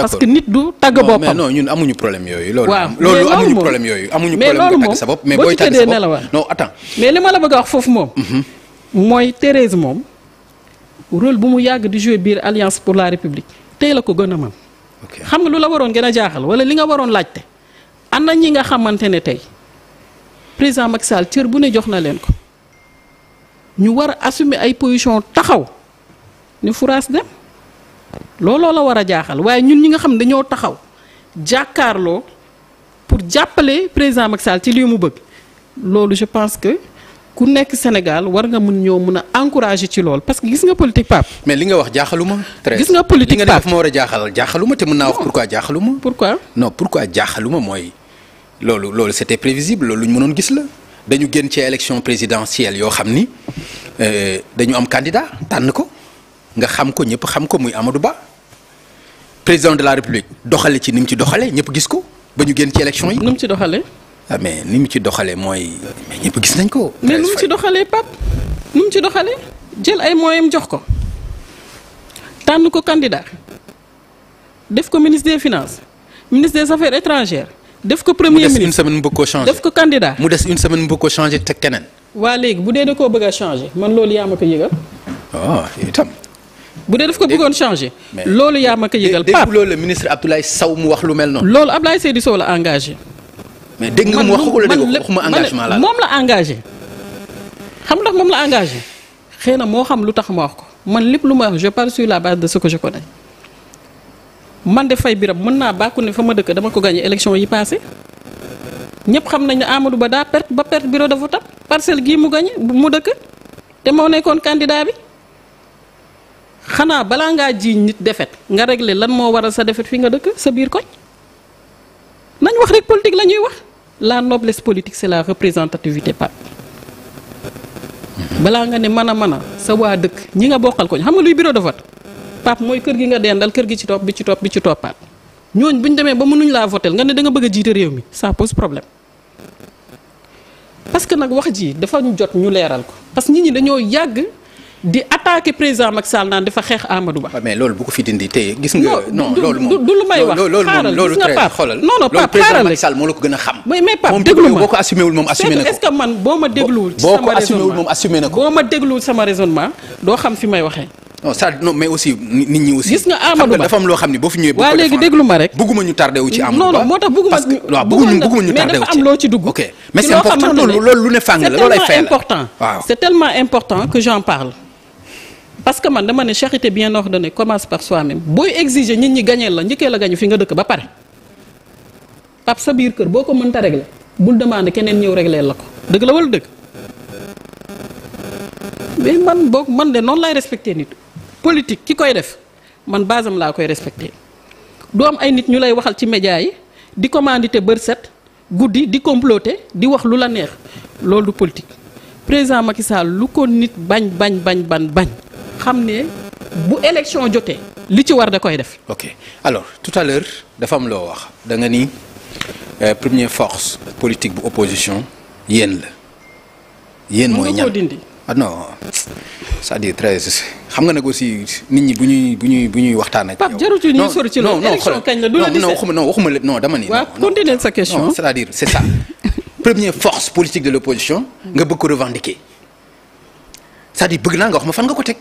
parce que nit du tagg boppam mais ñun amuñu problème yooyu. loolu loolu amuñu problème yooyu. amuñu problème nga tagg sa bopp mais booy tagg sa bopp non attends mais li ma la bëgg a wax foofu moom. Mhm. mooy Thérèse moom rôle bu mu yàgg di jouer biir alliance pour la république tey la ko gën a man xam nga lu la waroon gën a jaaxal wala li nga waroon laajte. am na ñi nga xamante ne tey président Macky Sall cër bu ne jox na leen ko ñu war a assumer ay position taxaw ni furaas dem. looloo la war a jaaxal waaye ñun ñi nga xam dañoo taxaw jàkkaarloo pour jàppale président Macky Sall ci lii mu bëgg loolu je pense que ku nekk Sénégal war nga mun ñoo mun a encourager ci lool parce que gis nga politique pap mais li nga wax jaaxaluma. gis nga politique pap li nga def ma war a jaaxal jaaxaluma te mën naa wax pourquoi jaaxaluma. pourquoi non pourquoi jaaxaluma mooy loolu loolu c'était prévisible loolu lu ñu mënoon gis la dañu génn ci élection présidentielle yoo xam ni euh, dañu am candidat tànn ko. nga xam ko ñëpp xam ko muy Amadou Ba président de la République doxale ci ni mu ci doxale ñëpp gis ko ba ñu génn ci élection yi. Ah, ni mu ci doxale mais ni mu ci doxalee mooy. mais gis nañ ko. mais nu mu ci doxalee Pape nu ci doxalee jël ay moyens jox ko tànn ko candidat def ko ministre des finances ministre des affaires étrangères def ko premier ministre mu des une semaine def ko candidat mu des une semaine mu bëgg koo changé teg keneen. waa léegi bu dee da koo bëgg a changé man loolu yaa ma ko ah, itam. bu dee daf ko bëggoon changé. loolu yaa ma ko yëgal. Pape dégg loolu la ministre mu wax lu mel noonu. loolu Abdoulaye Seydou Sow la engagé. mais dégg nga mu wax ko la dégg waxuma engagement la moom la engagé. xam ndax moom la engagé xëy na moo xam lu tax ma wax ko man lépp lu ma wax je parle la base de ce que je man de fay birab mën naa bàkku ne fa ma dëkk dama ko gagné élection yi passé ñëpp xam nañ ne Ba daa perte ba perte bureau de vote parcelle gii mu gagné mu dëkk te moo nekkoon candidat bi. xanaa balaa ngaa jiiñ nit defet nga régler lan moo waral sa defet fi nga dëkk sa biir koñ nañ wax rek politique la ñuy wax la noblesse politique c'est la représentativité Pape balaa nga ne mën a mën a sa waa dëkk ñi nga bokkal koñ xam nga luy bureau de vote Pape mooy kër gi nga dendal kër gi ci topp bi ci topp bi ci toppaat ñooñ bu ñu demee ba mënuñ laa votel nga ne danga nga bëgg a jiite réew mi ça pose problème parce que nag wax ji dafa jot ñu leeral ko parce que nit ñi dañoo yàgg. di attaquer président Macky Sall naan dafa xeex Amadou Ba. mais loolu bu ko fi dindi tey gis nga. non loolu moom du lu may wax xaaral gis nga Pape xoolal non non Pape xaaral rek loolu président Macky Sall moo la ko gën a xam. mais mais Pape déglu ma moom boo ko assumé wul moom assumé na ko. est-ce que man boo ma dégluwul. ci sama raisonnement boo ko assumé wul moom assumé na ko. boo ma dégluwul sama raisonnement doo xam fi may waxee. non ça non mais aussi nit ñi aussi. gis nga Amadou Ba dafa am loo xam ne boo fi ñëwee. waaw léegi déglu ma rek bëgguma ñu tardé wu ci Amadou Ba non non moo tax bëgguma parce que waaw bëgguma bëgguma ñu tardé wu ci mais dafa am loo ci dugg. ok mais c'est important loolu lu ne fàng la loolu ay fay la c'est tellement important c'est tellement important que j'en parle parce que man dama ne charité bien ordonnée commence par soi-même booy exiger nit ñi gañeel la njëkkee la gañu fi nga dëkk ba pare pap sa biir kër boo ko mënta régler bul demandé keneen ñëw régler la ko dëgg la wala dëgg mais man boog man de noonu lay respecté nit politique ki koy def man baasam laa koy respecté du ay nit ñu lay waxal ci média yi di commandité bër set guddi di comploter di wax lu la neex loolu du politique président Macky Sall lu ko nit bañ bañ bañ bañ bañ xam ne bu élection jotee li ci war da koy def. ok alors tout à l'heure dafa am loo wax da nga ni euh, première force politique bu opposition yéen la. yéen mooy ñan dindi. ah non c'est-à-dire très xam nga nag bu ñuy bu ñuy bu ñuy waxtaan ak. Pape jarul ci ñuy sori ci loolu. élection kañ la du la non waxuma non waxuma lépp non dama ni. waaw continuer sa question c'est-à-dire c'est ça. première force politique de l'opposition. nga bëgg ko revendiquer c'est-à-dire bëgg naa nga wax ma fan nga ko teg.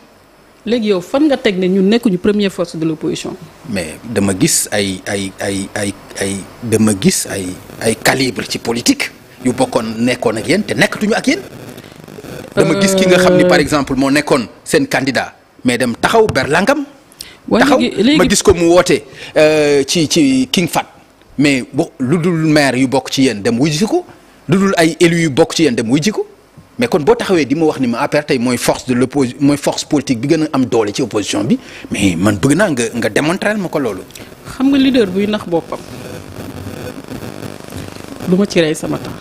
léegi yow fan nga teg ne ñun nekkuñu premier force de l'opposition mais dama gis ay ay ay ay ay dama gis ay ay calibre ci politique yu bokkoon nekkoon ak yéen te nekkatuñu ak yéen. dama gis ki nga xam ni euh, par exemple moo nekkoon seen candidat mais dem taxaw berlangam. taxaw ma gis ko mu woote euh, ci ci King Fat mais lu dul maire yu bokk ci yéen dem wuy ji ko lu dul ay élus yu bokk ci yenn dem wuy ji ko mais kon boo taxawee di ma wax ni ma APR tey mooy force de l'opposition mooy force politique bi gën a am doole ci opposition bi mais man bëgg naa nga nga démontrer ma ko loolu. xam nga leader buy nax boppam du ma ci rey sama temps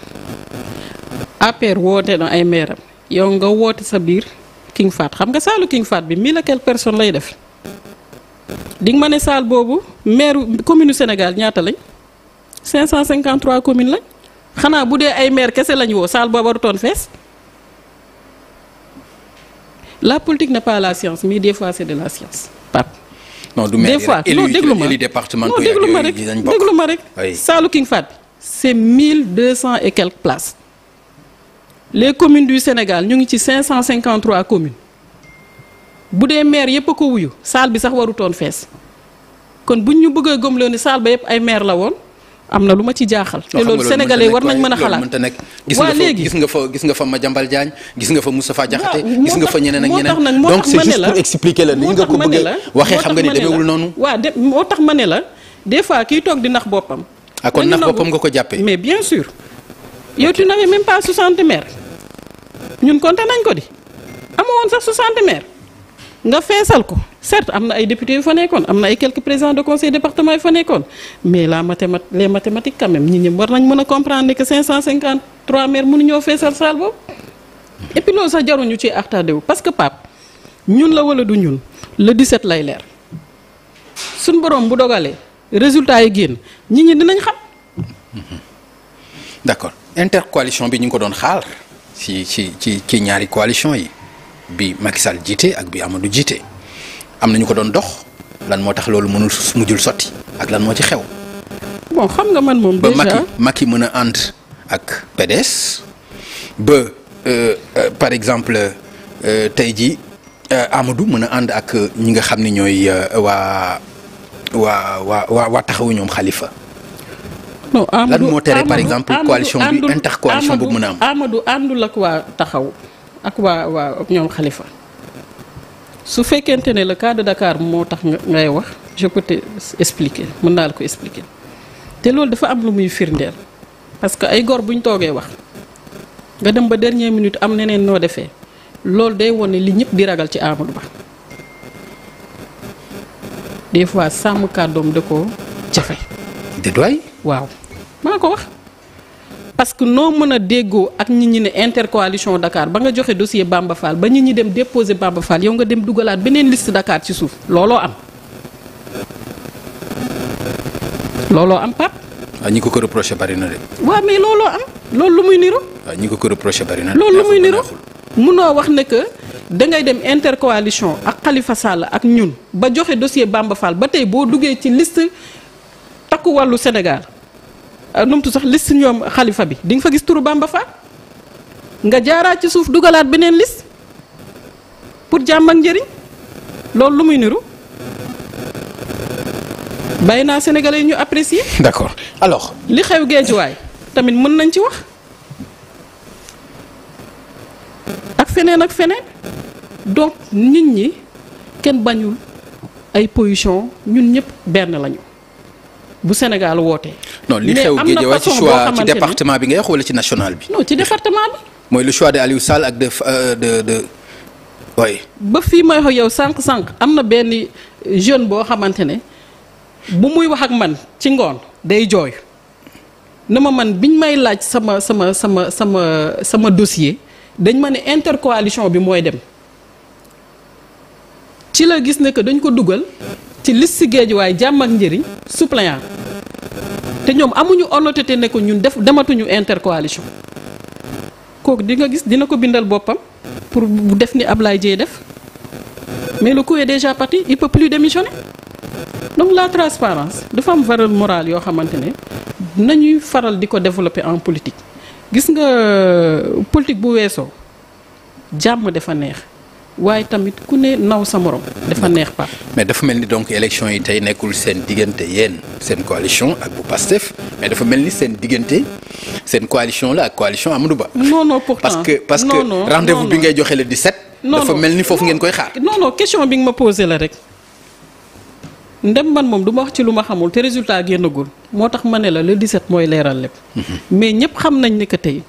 APR woote na ay meeram yow nga woote sa biir King Fahd xam nga saalu King Fahd bi mii et quelques personnes lay def di nga ma ne saal boobu maire commune Sénégal ñaata lañ 553 communes lañ xanaa bu dee ay maire kese lañ woo saal boobu warutoon fees. la politique n'est pas la science mi des fois c'est de la science Pape. non du mel des fois non déglu ma non déglu ma rek déglu ma rek. Saalu King Fahd bi c'est mille deux cent et quelques places. les communes du Sénégal ñu ngi ci 553 communes bu dee maire yëpp a ko wuyu saal bi sax warutoon fees kon buñ ñu bëggee gëmloo ni saal ba yëpp ay maire la woon. am na lu ma ci jaaxal. te loolu sénégalais war nañ mën a xalaat waaw léegi gis nga fa gis nga fa ma Diagne gis nga fa Moustapha Diakhaté gis nga fa ñeneen ak ñeneen donc c'est juste pour expliquer la ni nga ko bëggee waxee xam nga ni demeewul noonu. waaw de moo tax ma ne la des fois kiy toog di nax boppam. ah kon nax boppam nga ko jàppee. mais bien sûr yow tu n'avais même pas 60 maires ñun compté nañ ko di amoo sax 60 maires nga feesal ko certes am na ay députés yu fa nekkoon am na ay quelques présidents de conseil département yu fa nekkoon mais la mathémat les mathématiques quand même ñi ñëm war nañ mën a comprendre ne que 553 maires mënuñoo feesal salle boobu et puis loolu sax jaruñu ci artardé wu parce que Pape ñun la wala du ñun le 17 lay leer suñ borom bu dogalee résultat yi génn ñi ñi dinañ xam d'accord intercoalition bi ñu ngi ko doon xaar ci ci ci ci ñaari coalition yi bi Macky Sall jiite ak bi Amadou jiite am na ñu ko doon dox lan moo tax loolu mënul mujjul sotti ak lan moo ci xew. bon xam nga man moom. déjà ba Macky Macky mën a ànd ak PDS ba euh, euh, par exemple euh, tey jii Amadou mën a ànd ak ñi nga xam ni ñooy waa waa waa waa taxawu ñoom Khalifa. non Amadou lan moo tere par exemple. coalition bi intercoalition boobu mën a am Amadou àndul ak waa taxaw. ak waa waa ñoom Khalifa su fekkente ne la cas Dakar moo tax ngay wax je peux expliquer mun naa la ko expliquer te loolu dafa am lu muy firndeel parce que ay gor bu ñu toogee wax nga dem ba dernier minute am neneen noo defee loolu day wone li ñëpp di ragal ci Amadou Ba des fois sàmm kàddoom da ko jafe. déedwaay waaw maa ko wax. parce que noo mën a déggoo ak nit ñi ne intercoalition Dakar ba nga joxe dossier Bamba Fall ba nit ñi dem déposé Bamba Fall yow nga dem dugalaat beneen liste Dakar ci suuf looloo am looloo am ah, ko ko reproché bari na de. waaw looloo am loolu lu muy niro waaw ah, ko ko reproché bari loolu lu muy niro munoo wax ne que dangay dem intercoalition ak Khalifa Sall ak ñun ba joxe dossier Bamba Fall ba tey boo duggee ci list takku wàllu Sénégal. Euh, numtu sax liste ñoom xalifa bi di fa gis turu Bamba Fall nga jaaraat ci suuf dugalaat beneen liste pour jàmm ak njëriñ loolu lu muy niru bàyyi naa sénégalais yi ñu apprécier. d'accord alors. li xew géejuwaay tamit mën nañ ci wax ak feneen ak feneen donc nit ñi kenn bañul ay position ñun ñëpp benn lañu bu Sénégal wootee. non li xew Guédiawaye ci choix ci département bi nga wax wala ci national bi. non ci département bi. mooy le choix de Aliou Sall ak de euh, ba fii may yow sànq-sànq am na benn jeune boo xamante ne bu muy wax ak man ci ngoon day jooy na ma man biñ may laaj sama sama sama sama sama dosiye dañ ma ne intercoalition bi mooy dem ci la gis ne que dañ ko dugal ci liste Guédiawaye jàmm ak njëriñ suppléant te ñoom amuñu honnêteté ne ko ñun def dematuñu intercoalition kooku di nga gis dina ko bindal boppam pour bu def ni Ablaye Dièye def mais le coup est déjà parti il peut plus démissionner donc la transparence dafa am valeur morale yoo xamante ne nañuy faral di ko développer en politique gis nga euh, politique bu weesoo jàmm dafa neex waaye tamit ku ne naw sa morom dafa neex pa mais dafa mel ni donc élection yi tey nekkul seen diggante yéen seen coalition ak bu Pastef mais dafa mel ni seen diggante seen coalition la ak coalition Amadou Ba. non non pourtant parce que parce non, que non, rendez-vous bi ngay joxe le 17. non dafa mel ni foofu ngeen koy xaar. non non question bi nga ma posé la rek. ndem man moom du ma wax ci lu ma xamul te résultat génnagul moo tax ma ne la le 17 mooy leeral lépp. Mhm. mais ñëpp xam nañ ne que tey.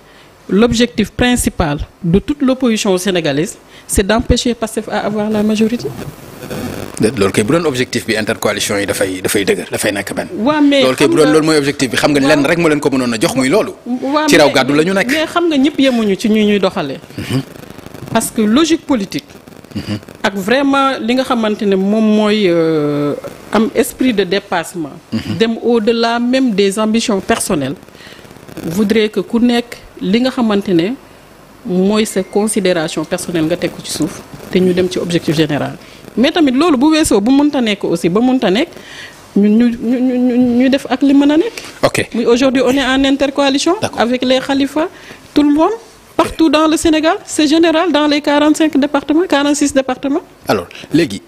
l'objectif principal de toute l'opposition sénégalaise c'est d'empêcher Pastef à avoir la majorité loolu kay bu doon objectif bi intercoalition yi dafay dafay dëgër dafay nekk benn waaw mais loolu kay bu doon loolu mooy objectif bi xam nga lenn rek moo leen ko mënoon a jox muy loolu ci raw gàddu la ñu nekk mais xam nga ñëpp yemuñu ci ñu ñuy doxalee mhm. parce que logique politique mhm. ak vraiment li nga xamante ne moom mooy euh, am esprit de dépassement mhm. dem au-delà même des ambitions personnelles voudrait que ku nekk li nga xamante ne mooy se considération personnelle nga teg ko ci suuf te ñu dem ci objectif général mais tamit loolu bu weesoo bu mënta nekk aussi ba mënta nekk ñun ñu ñu ñu def ak li mën a nekk. ok muy aujourd'hui on est en intercoalition. avec les xalifa tout le monde. partout dans le Sénégal c'est général dans les quarante cinq départements quarante six départements. alo léegi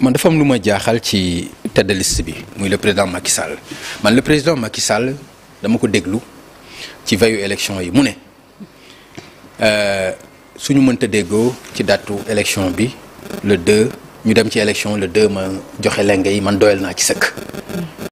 man dafa am lu ma jaaxal ci tête de liste bi muy le président Macky Sall man le président Macky Sall dama ko déglu. ci veyu élection yi mu ne euh, suñu mënta déggoo ci datu élection bi le 2 ñu dem ci élection le 2 ma joxe lenge yi man doyal naa ci sëkk